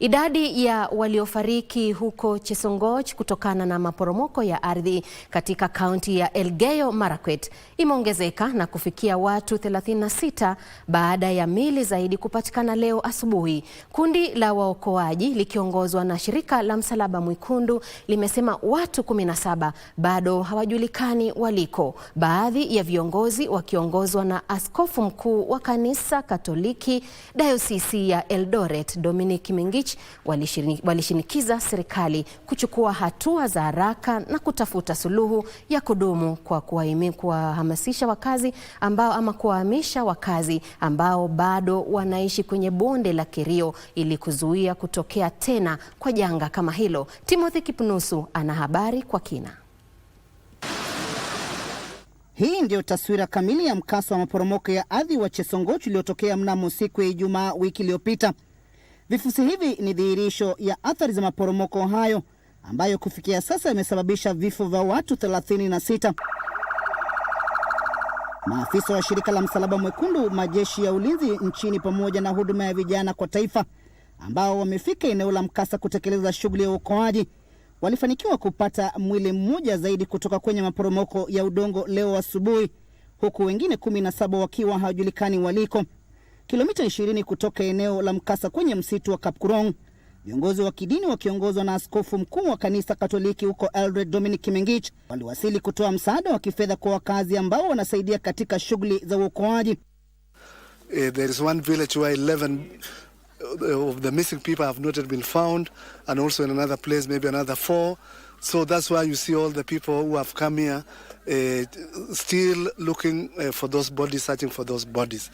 Idadi ya waliofariki huko Chesongoch kutokana na maporomoko ya ardhi katika kaunti ya Elgeyo Marakwet imeongezeka na kufikia watu 36 baada ya mili zaidi kupatikana leo asubuhi. Kundi la waokoaji likiongozwa na shirika la Msalaba Mwekundu limesema watu 17 bado hawajulikani waliko, baadhi ya viongozi wakiongozwa na askofu mkuu wa kanisa Katoliki dayosisi ya Eldoret Dominic Mingichi Beach walishinikiza serikali kuchukua hatua za haraka na kutafuta suluhu ya kudumu kwa kuwahamasisha wakazi ambao ama kuwahamisha wakazi ambao bado wanaishi kwenye bonde la Kerio ili kuzuia kutokea tena kwa janga kama hilo. Timothy Kipnusu ana habari kwa kina. Hii ndiyo taswira kamili ya mkasa wa maporomoko ya ardhi wa Chesongoch uliotokea mnamo siku ya Ijumaa wiki iliyopita. Vifusi hivi ni dhihirisho ya athari za maporomoko hayo ambayo kufikia sasa yamesababisha vifo vya watu 36. Maafisa wa shirika la Msalaba Mwekundu, majeshi ya ulinzi nchini pamoja na huduma ya vijana kwa taifa ambao wamefika eneo la mkasa kutekeleza shughuli ya uokoaji walifanikiwa kupata mwili mmoja zaidi kutoka kwenye maporomoko ya udongo leo asubuhi, huku wengine 17 wakiwa hawajulikani waliko kilomita 20 kutoka eneo la mkasa kwenye msitu wa Kapkurong. Viongozi wa kidini wakiongozwa na askofu mkuu wa kanisa Katoliki huko Eldoret, Dominic Kimengich, waliwasili kutoa msaada wa kifedha kwa wakazi ambao wanasaidia katika shughuli za uokoaji. Uh, there is one village where 11 eh, of the missing people have not been found and also in another place maybe another four So that's why you see all the people who have come here uh, still looking uh, for those bodies, searching for those bodies.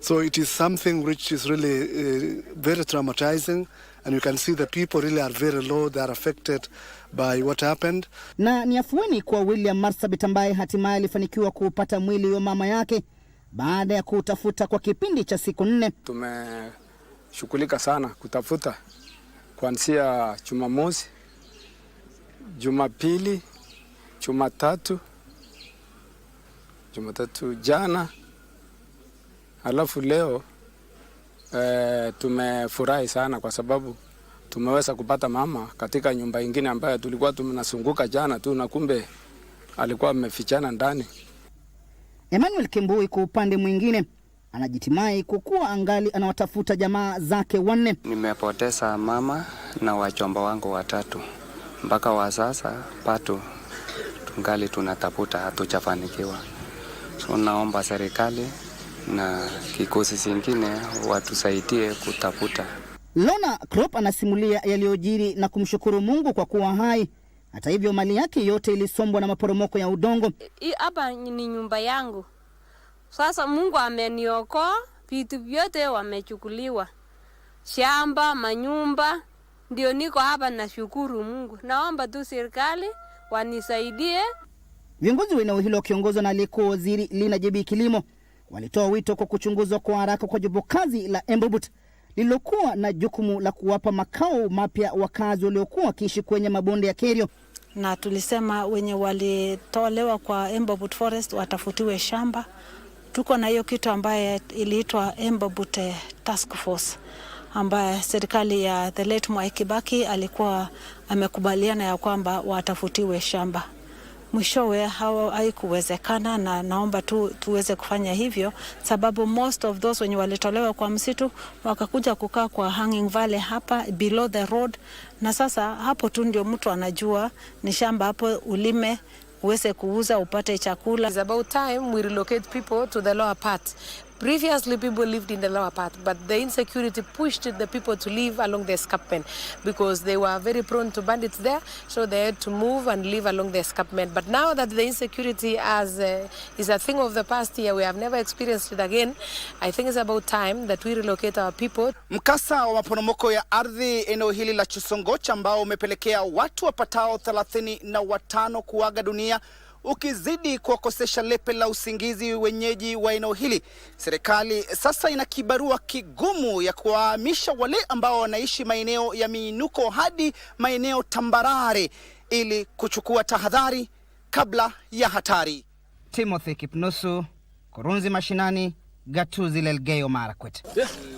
So it is something which is really uh, very traumatizing and you can see the people really are very low, they are affected by what happened. Na ni afueni kwa William Marsabit ambaye hatimaye alifanikiwa kuupata mwili wa mama yake baada ya kutafuta kwa kipindi cha siku nne. Tumeshughulika sana kutafuta kuanzia Jumamosi Jumapili, Jumatatu, Jumatatu jana, alafu leo e, tumefurahi sana kwa sababu tumeweza kupata mama katika nyumba ingine ambayo tulikuwa tunasunguka jana tu na kumbe alikuwa amefichana ndani. Emmanuel Kimbui kwa upande mwingine anajitimai kukuwa angali anawatafuta jamaa zake wanne. Nimepoteza mama na wachomba wangu watatu mpaka wa sasa pato tungali tunatafuta, hatujafanikiwa. So naomba serikali na kikosi zingine watusaidie kutafuta. Lona Klopp anasimulia yaliyojiri na kumshukuru Mungu kwa kuwa hai. Hata hivyo, mali yake yote ilisombwa na maporomoko ya udongo. Hapa ni nyumba yangu, sasa Mungu ameniokoa, vitu vyote wamechukuliwa, shamba, manyumba ndio niko hapa, nashukuru Mungu. Naomba tu serikali wanisaidie. Viongozi wa eneo hilo wakiongozwa na aliyekuwa waziri Lina jebi Kilimo walitoa wito kwa kuchunguzwa kwa haraka kwa jopo kazi la Embobut lililokuwa na jukumu la kuwapa makao mapya wakazi waliokuwa wakiishi kwenye mabonde ya Kerio, na tulisema wenye walitolewa kwa Embobut Forest watafutiwe shamba. Tuko na hiyo kitu ambaye iliitwa Embobut Task Force ambaye serikali ya the late Mwai Kibaki alikuwa amekubaliana ya kwamba watafutiwe shamba. Mwishowe haikuwezekana, na naomba tu tuweze kufanya hivyo, sababu most of those wenye walitolewa kwa msitu wakakuja kukaa kwa Hanging Valley hapa below the road, na sasa hapo tu ndio mtu anajua ni shamba, hapo ulime uweze kuuza upate chakula. It's about time we relocate people to the lower part Previously, people lived in the lower part, but the insecurity pushed the people to live along the escarpment because they were very prone to bandits there, so they had to move and live along the escarpment. But now that the insecurity has, uh, is a thing of the past year, we have never experienced it again. I think it's about time that we relocate our people. Mkasa wa maporomoko ya ardhi eneo hili la Chesongoch ambao umepelekea watu wapatao thelathini na watano kuaga dunia ukizidi kuwakosesha lepe la usingizi wenyeji wa eneo hili. Serikali sasa ina kibarua kigumu ya kuwahamisha wale ambao wanaishi maeneo ya miinuko hadi maeneo tambarare ili kuchukua tahadhari kabla ya hatari. Timothy Kipnusu, Kurunzi Mashinani, Gatuzi Lelgeyo Marakwet.